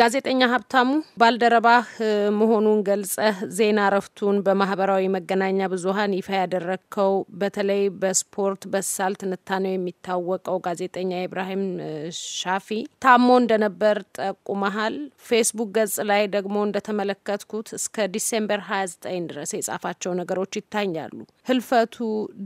ጋዜጠኛ ሀብታሙ ባልደረባህ መሆኑን ገልጸህ ዜና እረፍቱን በማህበራዊ መገናኛ ብዙኃን ይፋ ያደረግከው በተለይ በስፖርት በሳል ትንታኔው የሚታወቀው ጋዜጠኛ ኢብራሂም ሻፊ ታሞ እንደነበር ጠቁመሃል። ፌስቡክ ገጽ ላይ ደግሞ እንደተመለከትኩት እስከ ዲሴምበር 29 ድረስ የጻፋቸው ነገሮች ይታያሉ። ህልፈቱ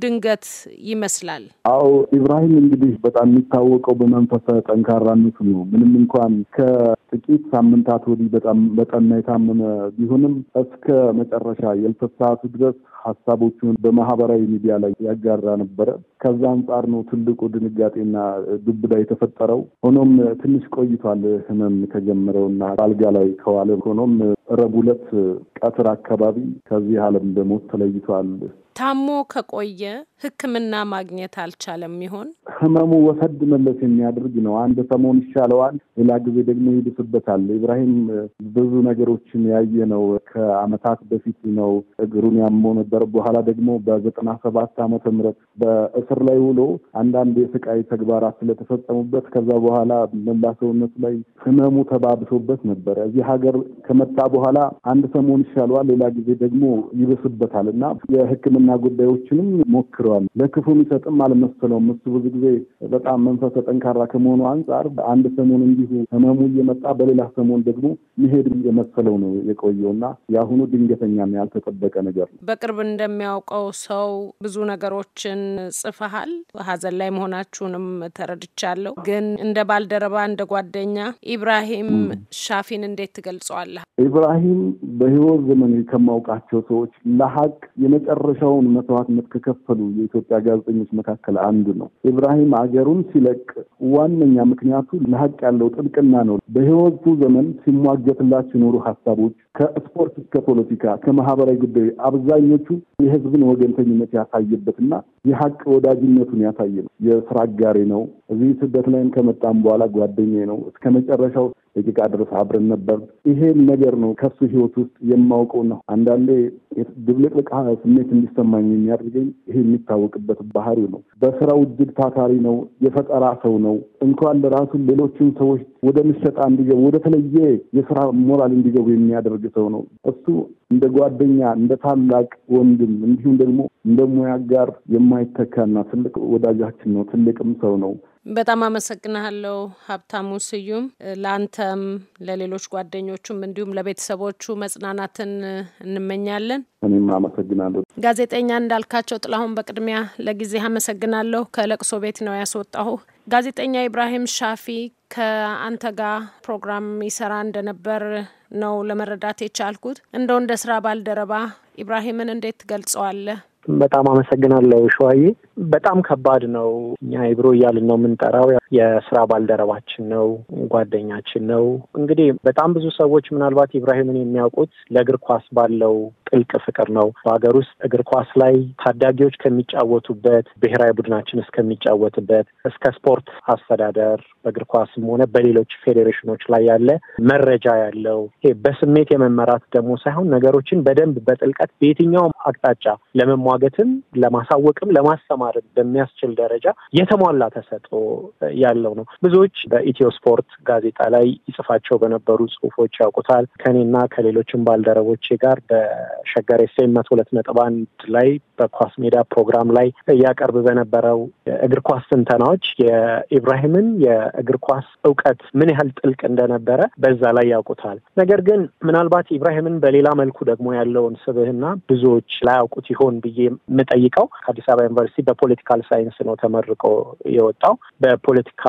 ድንገት ይመስላል። አዎ ኢብራሂም እንግዲህ በጣም የሚታወቀው በመንፈሰ ጠንካራነቱ ነው። ምንም እንኳን ከጥቂ ከጥቂት ሳምንታት ወዲህ በጣም በጠና የታመመ ቢሆንም እስከ መጨረሻ የህልፈት ሰዓቱ ድረስ ሀሳቦቹን በማህበራዊ ሚዲያ ላይ ያጋራ ነበረ። ከዛ አንጻር ነው ትልቁ ድንጋጤና ዱብዳ የተፈጠረው። ሆኖም ትንሽ ቆይቷል ህመም ከጀመረውና አልጋ ላይ ከዋለ። ሆኖም ረቡዕ ዕለት ቀትር አካባቢ ከዚህ ዓለም በሞት ተለይቷል። ታሞ ከቆየ ሕክምና ማግኘት አልቻለም ይሆን? ህመሙ ወሰድ መለስ የሚያደርግ ነው። አንድ ሰሞን ይሻለዋል፣ ሌላ ጊዜ ደግሞ ይድፍበታል። ኢብራሂም ብዙ ነገሮችን ያየ ነው። ከአመታት በፊት ነው እግሩን ያሞ ነበር። በኋላ ደግሞ በዘጠና ሰባት ዓመተ ምህረት በእስር ላይ ውሎ አንዳንድ የስቃይ ተግባራት ስለተፈጸሙበት ከዛ በኋላ መላ ሰውነት ላይ ህመሙ ተባብሶበት ነበር። እዚህ ሀገር ከመጣ በኋላ አንድ ሰሞን ይሻለዋል፣ ሌላ ጊዜ ደግሞ ይብስበታል እና የህክምና ዋና ጉዳዮችንም ሞክረዋል። ለክፉ የሚሰጥም አልመሰለውም። እሱ ብዙ ጊዜ በጣም መንፈሰ ጠንካራ ከመሆኑ አንጻር አንድ ሰሞን እንዲሁ ህመሙ እየመጣ በሌላ ሰሞን ደግሞ መሄድ የመሰለው ነው የቆየውና የአሁኑ ድንገተኛ ያልተጠበቀ ነገር ነው። በቅርብ እንደሚያውቀው ሰው ብዙ ነገሮችን ጽፈሃል። ሀዘን ላይ መሆናችሁንም ተረድቻለሁ። ግን እንደ ባልደረባ እንደ ጓደኛ ኢብራሂም ሻፊን እንዴት ትገልጸዋለህ? ኢብራሂም በህይወት ዘመን ከማውቃቸው ሰዎች ለሀቅ የመጨረሻው የከፈለውን መስዋዕትነት ከከፈሉ የኢትዮጵያ ጋዜጠኞች መካከል አንዱ ነው። ኢብራሂም አገሩን ሲለቅ ዋነኛ ምክንያቱ ለሀቅ ያለው ጥብቅና ነው። በህይወቱ ዘመን ሲሟገትላቸው የኖሩ ሀሳቦች ከስፖርት እስከ ፖለቲካ፣ ከማህበራዊ ጉዳይ አብዛኞቹ የህዝብን ወገንተኝነት ያሳየበትና የሀቅ ወዳጅነቱን ያሳየ ነው። የስራ አጋሬ ነው። እዚህ ስደት ላይም ከመጣም በኋላ ጓደኛ ነው። እስከ መጨረሻው ደቂቃ ድረስ አብረን ነበር። ይሄን ነገር ነው ከሱ ህይወት ውስጥ የማውቀው ነው። አንዳንዴ ድብልቅልቅ ስሜት እንዲሰማኝ የሚያደርገኝ ይሄ የሚታወቅበት ባህሪ ነው። በስራው እጅግ ታታሪ ነው። የፈጠራ ሰው ነው። እንኳን ለራሱ ሌሎችን ሰዎች ወደ ምሸጣ እንዲገቡ ወደ ተለየ የስራ ሞራል እንዲገቡ የሚያደርግ ሰው ነው። እሱ እንደ ጓደኛ፣ እንደ ታላቅ ወንድም እንዲሁም ደግሞ እንደ ሙያ ጋር የማይተካና ትልቅ ወዳጃችን ነው። ትልቅም ሰው ነው። በጣም አመሰግናለሁ ሀብታሙ ስዩም። ለአንተም ለሌሎች ጓደኞቹም እንዲሁም ለቤተሰቦቹ መጽናናትን እንመኛለን። እኔም አመሰግናለሁ። ጋዜጠኛ እንዳልካቸው ጥላሁን፣ በቅድሚያ ለጊዜ አመሰግናለሁ። ከለቅሶ ቤት ነው ያስወጣሁ። ጋዜጠኛ ኢብራሂም ሻፊ ከአንተ ጋር ፕሮግራም ይሰራ እንደነበር ነው ለመረዳት የቻልኩት። እንደው እንደ ስራ ባልደረባ ኢብራሂምን እንዴት ትገልጸዋለህ? በጣም አመሰግናለሁ ሸዋዬ። በጣም ከባድ ነው። እኛ ኢብሮ እያልን ነው የምንጠራው። የስራ ባልደረባችን ነው፣ ጓደኛችን ነው። እንግዲህ በጣም ብዙ ሰዎች ምናልባት ኢብራሂምን የሚያውቁት ለእግር ኳስ ባለው ጥልቅ ፍቅር ነው። በሀገር ውስጥ እግር ኳስ ላይ ታዳጊዎች ከሚጫወቱበት ብሔራዊ ቡድናችን እስከሚጫወትበት እስከ ስፖርት አስተዳደር በእግር ኳስም ሆነ በሌሎች ፌዴሬሽኖች ላይ ያለ መረጃ ያለው በስሜት የመመራት ደግሞ ሳይሆን ነገሮችን በደንብ በጥልቀት በየትኛውም አቅጣጫ ለመሟገትም ለማሳወቅም ለማስተማርም በሚያስችል ደረጃ የተሟላ ተሰጥኦ ያለው ነው። ብዙዎች በኢትዮ ስፖርት ጋዜጣ ላይ ይጽፋቸው በነበሩ ጽሁፎች ያውቁታል። ከኔና ከሌሎችም ባልደረቦቼ ጋር ሸገር ሴ መቶ ሁለት ነጥብ አንድ ላይ በኳስ ሜዳ ፕሮግራም ላይ እያቀርብ በነበረው የእግር ኳስ ስንተናዎች የኢብራሂምን የእግር ኳስ እውቀት ምን ያህል ጥልቅ እንደነበረ በዛ ላይ ያውቁታል። ነገር ግን ምናልባት ኢብራሂምን በሌላ መልኩ ደግሞ ያለውን ስብህና ብዙዎች ላያውቁት ይሆን ብዬ የምጠይቀው ከአዲስ አበባ ዩኒቨርሲቲ በፖለቲካል ሳይንስ ነው ተመርቆ የወጣው። በፖለቲካ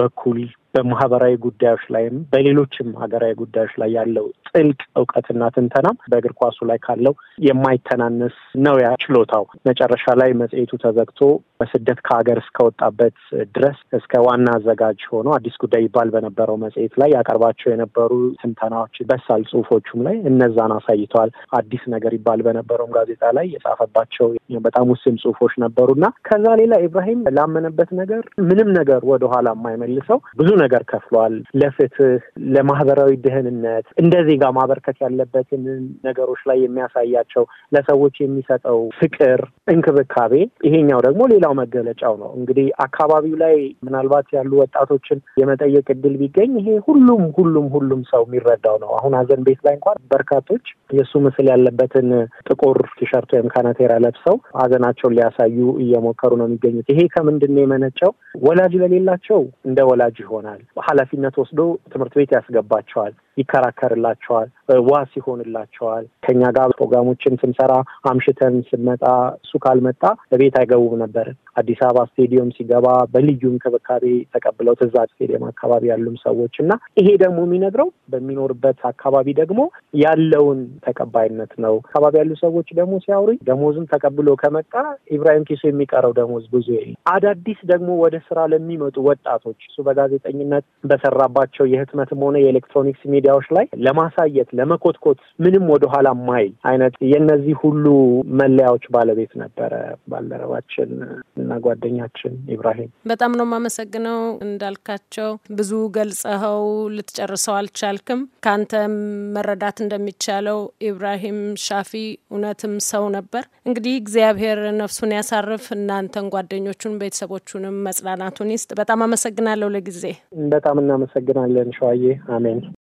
በኩል በማህበራዊ ጉዳዮች ላይም በሌሎችም ሀገራዊ ጉዳዮች ላይ ያለው ጥልቅ እውቀትና ትንተናም በእግር ኳሱ ላይ ካለው የማይተናነስ ነው ያ ችሎታው። መጨረሻ ላይ መጽሔቱ ተዘግቶ በስደት ከሀገር እስከወጣበት ድረስ እስከ ዋና አዘጋጅ ሆኖ አዲስ ጉዳይ ይባል በነበረው መጽሔት ላይ ያቀርባቸው የነበሩ ትንተናዎች በሳል ጽሁፎቹም ላይ እነዛን አሳይተዋል። አዲስ ነገር ይባል በነበረውም ጋዜጣ ላይ የጻፈባቸው በጣም ውስን ጽሁፎች እና ከዛ ሌላ ኢብራሂም ላመነበት ነገር ምንም ነገር ወደኋላ የማይመልሰው ብዙ ነገር ከፍሏል። ለፍትህ፣ ለማህበራዊ ደህንነት እንደ ዜጋ ማበርከት ያለበትን ነገሮች ላይ የሚያሳያቸው ለሰዎች የሚሰጠው ፍቅር፣ እንክብካቤ ይሄኛው ደግሞ ሌላው መገለጫው ነው። እንግዲህ አካባቢው ላይ ምናልባት ያሉ ወጣቶችን የመጠየቅ እድል ቢገኝ ይሄ ሁሉም ሁሉም ሁሉም ሰው የሚረዳው ነው። አሁን ሀዘን ቤት ላይ እንኳን በርካቶች የእሱ ምስል ያለበትን ጥቁር ቲሸርት ወይም ካናቴራ ለብሰው ሀዘናቸውን ሊያሳዩ እየሞከሩ ነው የሚገኙት። ይሄ ከምንድን ነው የመነጨው? ወላጅ ለሌላቸው እንደ ወላጅ ይሆናል ይሆናል። ኃላፊነት ወስዶ ትምህርት ቤት ያስገባቸዋል። ይከራከርላቸዋል፣ ዋስ ይሆንላቸዋል። ከኛ ጋር ፕሮግራሞችን ስንሰራ አምሽተን ስንመጣ እሱ ካልመጣ በቤት አይገቡም ነበር። አዲስ አበባ ስቴዲየም ሲገባ በልዩ እንክብካቤ ተቀብለው ትዛ ስቴዲየም አካባቢ ያሉም ሰዎች እና ይሄ ደግሞ የሚነግረው በሚኖርበት አካባቢ ደግሞ ያለውን ተቀባይነት ነው። አካባቢ ያሉ ሰዎች ደግሞ ሲያወሩ ደሞዝን ተቀብሎ ከመጣ ኢብራሂም ኪሶ የሚቀረው ደሞዝ ብዙ የለም። አዳዲስ ደግሞ ወደ ስራ ለሚመጡ ወጣቶች እሱ በጋዜጠኝነት በሰራባቸው የህትመትም ሆነ የኤሌክትሮኒክስ ሚዲያዎች ላይ ለማሳየት ለመኮትኮት ምንም ወደኋላ ማይል አይነት የእነዚህ ሁሉ መለያዎች ባለቤት ነበረ ባልደረባችን እና ጓደኛችን ኢብራሂም። በጣም ነው የማመሰግነው እንዳልካቸው። ብዙ ገልጸኸው ልትጨርሰው አልቻልክም። ከአንተ መረዳት እንደሚቻለው ኢብራሂም ሻፊ እውነትም ሰው ነበር። እንግዲህ እግዚአብሔር ነፍሱን ያሳርፍ፣ እናንተን ጓደኞቹን፣ ቤተሰቦቹንም መጽናናቱን ይስጥ። በጣም አመሰግናለሁ ለጊዜ። በጣም እናመሰግናለን ሸዋዬ። አሜን።